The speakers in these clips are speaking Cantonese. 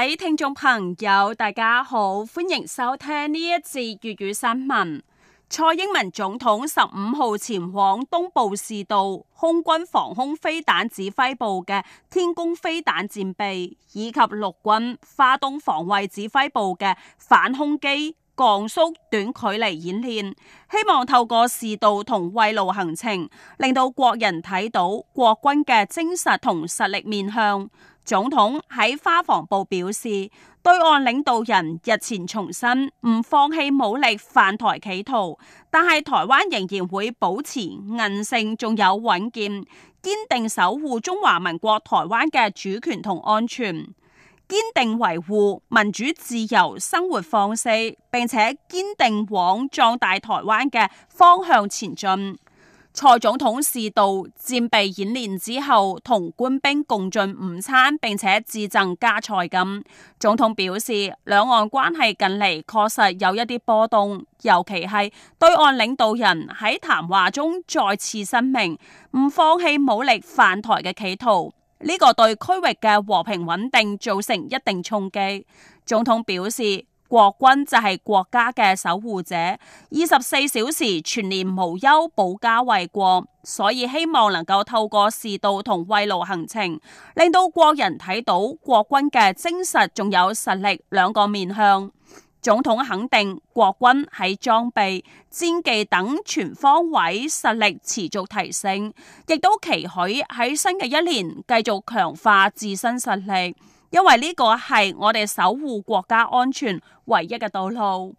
各位聽眾朋友，大家好，歡迎收聽呢一節粵語新聞。蔡英文總統十五號前往東部視導空軍防空飛彈指揮部嘅天弓飛彈戰備，以及陸軍花東防衛指揮部嘅反空機。降速短距離演練，希望透過視導同慰勞行程，令到國人睇到國軍嘅精實同實力面向。總統喺花防部表示，對岸領導人日前重申唔放棄武力犯台企圖，但係台灣仍然會保持韌性，仲有穩健，堅定守護中華民國台灣嘅主權同安全。堅定維護民主自由生活方式，並且堅定往壯大台灣嘅方向前進。蔡總統視導戰備演練之後，同官兵共進午餐，並且自贈加菜咁。總統表示，兩岸關係近嚟確實有一啲波動，尤其係對岸領導人喺談話中再次申明唔放棄武力犯台嘅企圖。呢個對區域嘅和平穩定造成一定衝擊。總統表示，國軍就係國家嘅守護者，二十四小時全年無休保家衛國，所以希望能夠透過視導同慰勞行程，令到國人睇到國軍嘅精神仲有實力兩個面向。總統肯定國軍喺裝備、戰技等全方位實力持續提升，亦都期許喺新嘅一年繼續強化自身實力，因為呢個係我哋守護國家安全唯一嘅道路。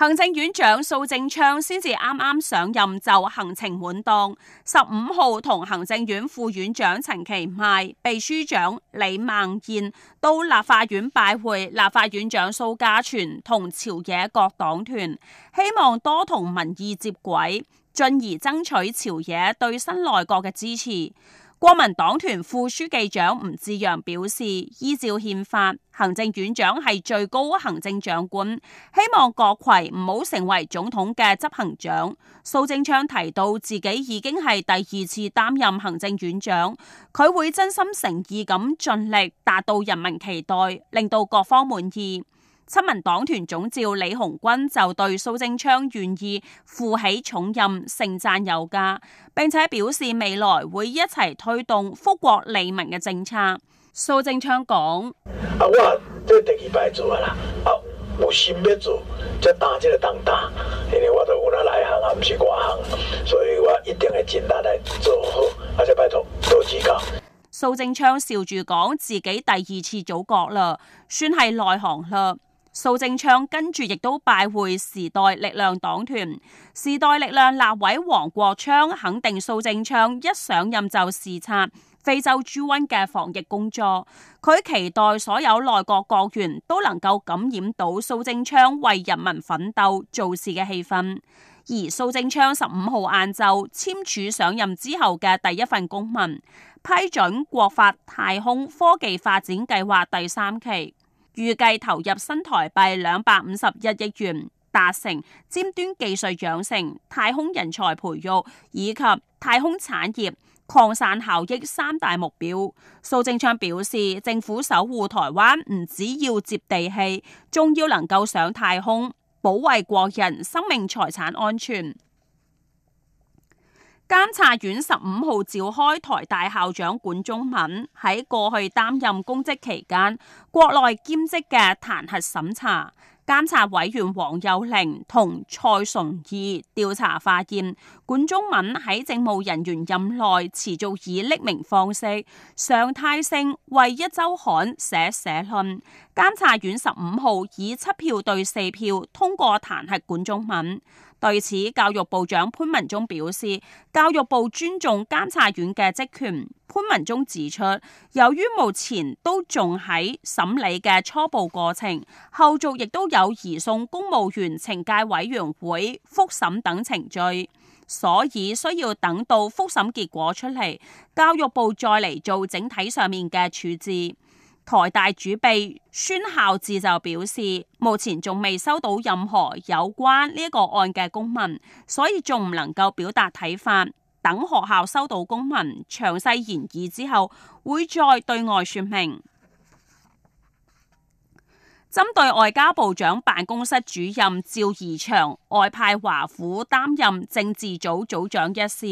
行政院長蘇貞昌先至啱啱上任就行程滿檔，十五號同行政院副院長陳其邁、秘書長李孟彦到立法院拜會，立法院長蘇嘉全同朝野各黨團，希望多同民意接軌，進而爭取朝野對新內閣嘅支持。國民黨團副書記長吳志揚表示，依照憲法，行政院長係最高行政長官，希望閣揆唔好成為總統嘅執行長。蘇貞昌提到自己已經係第二次擔任行政院長，佢會真心誠意咁盡力達到人民期待，令到各方滿意。親民黨團總召李鴻鈞，就對蘇貞昌願意負起重任盛讚有加，並且表示未來會一齊推動福國利民嘅政策。蘇貞昌講：我都第二擺做啦，我先咩做，即打即個東打，因為我都我內行，唔係外行，所以我一定會盡力嚟做好，而且拜託多指教。蘇貞昌笑住講：自己第二次組閣啦，算係內行啦。蘇貞昌跟住亦都拜會時代力量黨團，時代力量立委黃國昌肯定蘇貞昌一上任就視察非洲豬瘟嘅防疫工作，佢期待所有內閣國員都能夠感染到蘇貞昌為人民奮鬥做事嘅氣氛。而蘇貞昌十五號晏晝簽署上任之後嘅第一份公文，批准國發太空科技發展計劃第三期。預計投入新台幣兩百五十一億元，達成尖端技術養成、太空人才培育以及太空產業擴散效益三大目標。蘇貞昌表示，政府守護台灣唔只要接地氣，仲要能夠上太空，保衛國人生命財產安全。監察院十五號召開台大校長管中閔喺過去擔任公職期間，國內兼職嘅彈劾審查。監察委員王幼玲同蔡崇義調查發現，管中閔喺政務人員任內持續以匿名方式、常態性為一周刊寫社論。監察院十五號以七票對四票通過彈劾管中閔。對此，教育部長潘文忠表示，教育部尊重監察院嘅職權。潘文忠指出，由於目前都仲喺審理嘅初步過程，後續亦都有移送公務員懲戒委員會、複審等程序，所以需要等到複審結果出嚟，教育部再嚟做整體上面嘅處置。台大主秘孫孝智就表示，目前仲未收到任何有關呢一個案嘅公文，所以仲唔能夠表達睇法。等學校收到公文、詳細研議之後，會再對外說明。針對外交部長辦公室主任趙怡翔外派華府擔任政治組組長一事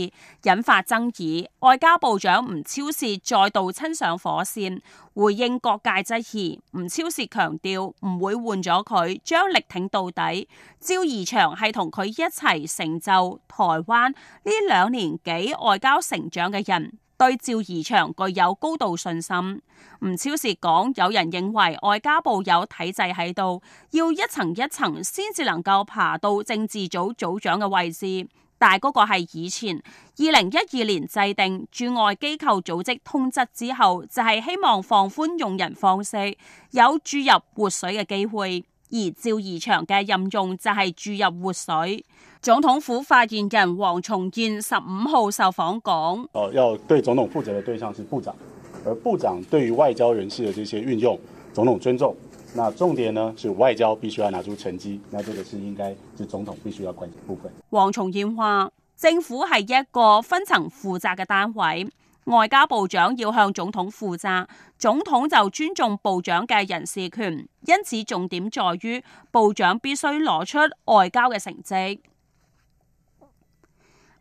引發爭議，外交部長吳釗燮再度親上火線回應各界質疑。吳釗燮強調唔會換咗佢，將力挺到底。趙怡翔係同佢一齊成就台灣呢兩年幾外交成長嘅人。對趙怡翔具有高度信心，吳釗燮講，有人認為外交部有體制喺度，要一層一層先至能夠爬到政治組組長嘅位置，但嗰個係以前二零一二年制定駐外機構組織通則之後，就係、是、希望放寬用人方式，有注入活水嘅機會，而趙怡翔嘅任用就係注入活水。總統府發言人黃重諺十五號受訪講，誒，要對總統負責的對象是部長，而部長對於外交人事的這些運用，總統尊重。那重點呢，是外交必須要拿出成績，那這個是應該是總統必須要管嘅部分。黃重諺話，政府係一個分層負責嘅單位，外交部長要向總統負責，總統就尊重部長嘅人事權。因此，重點在於部長必須攞出外交嘅成績。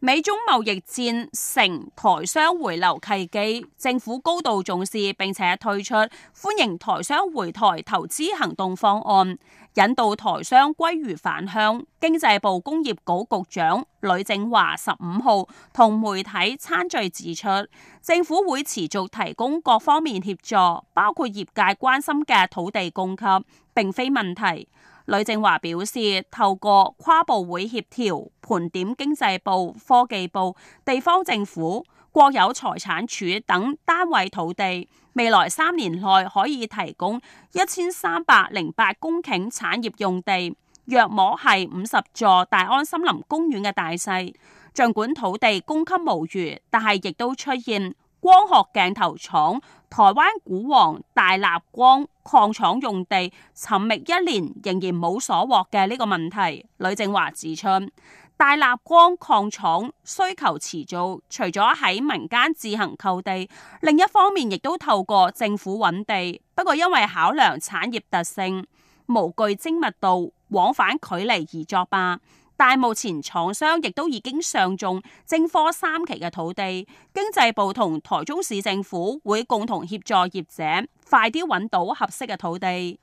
美中貿易戰成台商回流契機，政府高度重視並且推出歡迎台商回台投資行動方案，引導台商歸如返鄉。經濟部工業局局長呂政華十五號同媒體餐敘指出，政府會持續提供各方面協助，包括業界關心嘅土地供給並非問題。呂正華表示，透過跨部會協調，盤點經濟部、科技部、地方政府、國有財產署等單位土地，未來三年內可以提供一千三百零八公頃產業用地，約摸係五十座大安森林公園嘅大細。盡管土地供給無虞，但係亦都出現光學鏡頭廠。台灣股王大立光擴廠用地，尋覓一年仍然冇所獲嘅呢個問題，呂正華指出，大立光擴廠需求遲早，除咗喺民間自行購地，另一方面亦都透過政府揾地，不過因為考量產業特性、模具精密度、往返距離而作罷。但目前廠商亦都已經上中正科三期嘅土地，經濟部同台中市政府會共同協助業者快啲揾到合適嘅土地。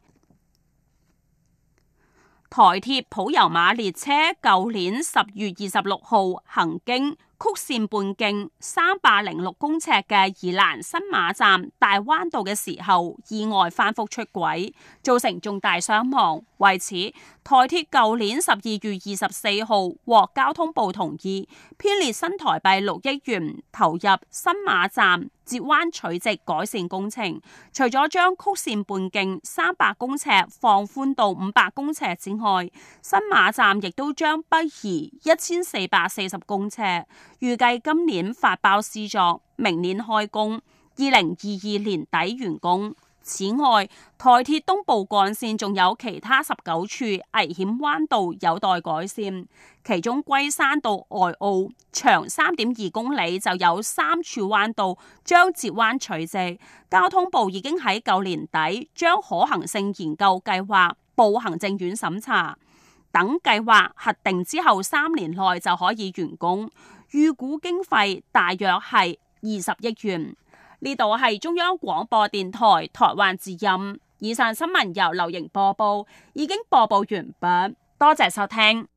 台鐵普悠瑪列車舊年十月二十六號行經，曲線半徑三百零六公尺嘅宜蘭新馬站大彎道嘅時候意外翻覆出軌，造成重大傷亡。為此，台鐵舊年十二月二十四號獲交通部同意，編列新台幣六億元投入新馬站截彎取直改善工程，除咗將曲線半徑三百公尺放寬到五百公尺之外，新馬站亦都將北移一千四百四十公尺，預計今年發包施作，明年開工，二零二二年底完工。此外，台鐵東部幹線仲有其他十九處危險彎道有待改善，其中龜山到外澳長三點二公里就有三處彎道將截彎取直。交通部已經喺舊年底將可行性研究計劃報行政院審查，等計劃核定之後三年內就可以完工，預估經費大約係二十億元。呢度係中央廣播電台台灣之音，以上新聞由劉瑩播報，已經播報完畢，多謝收聽。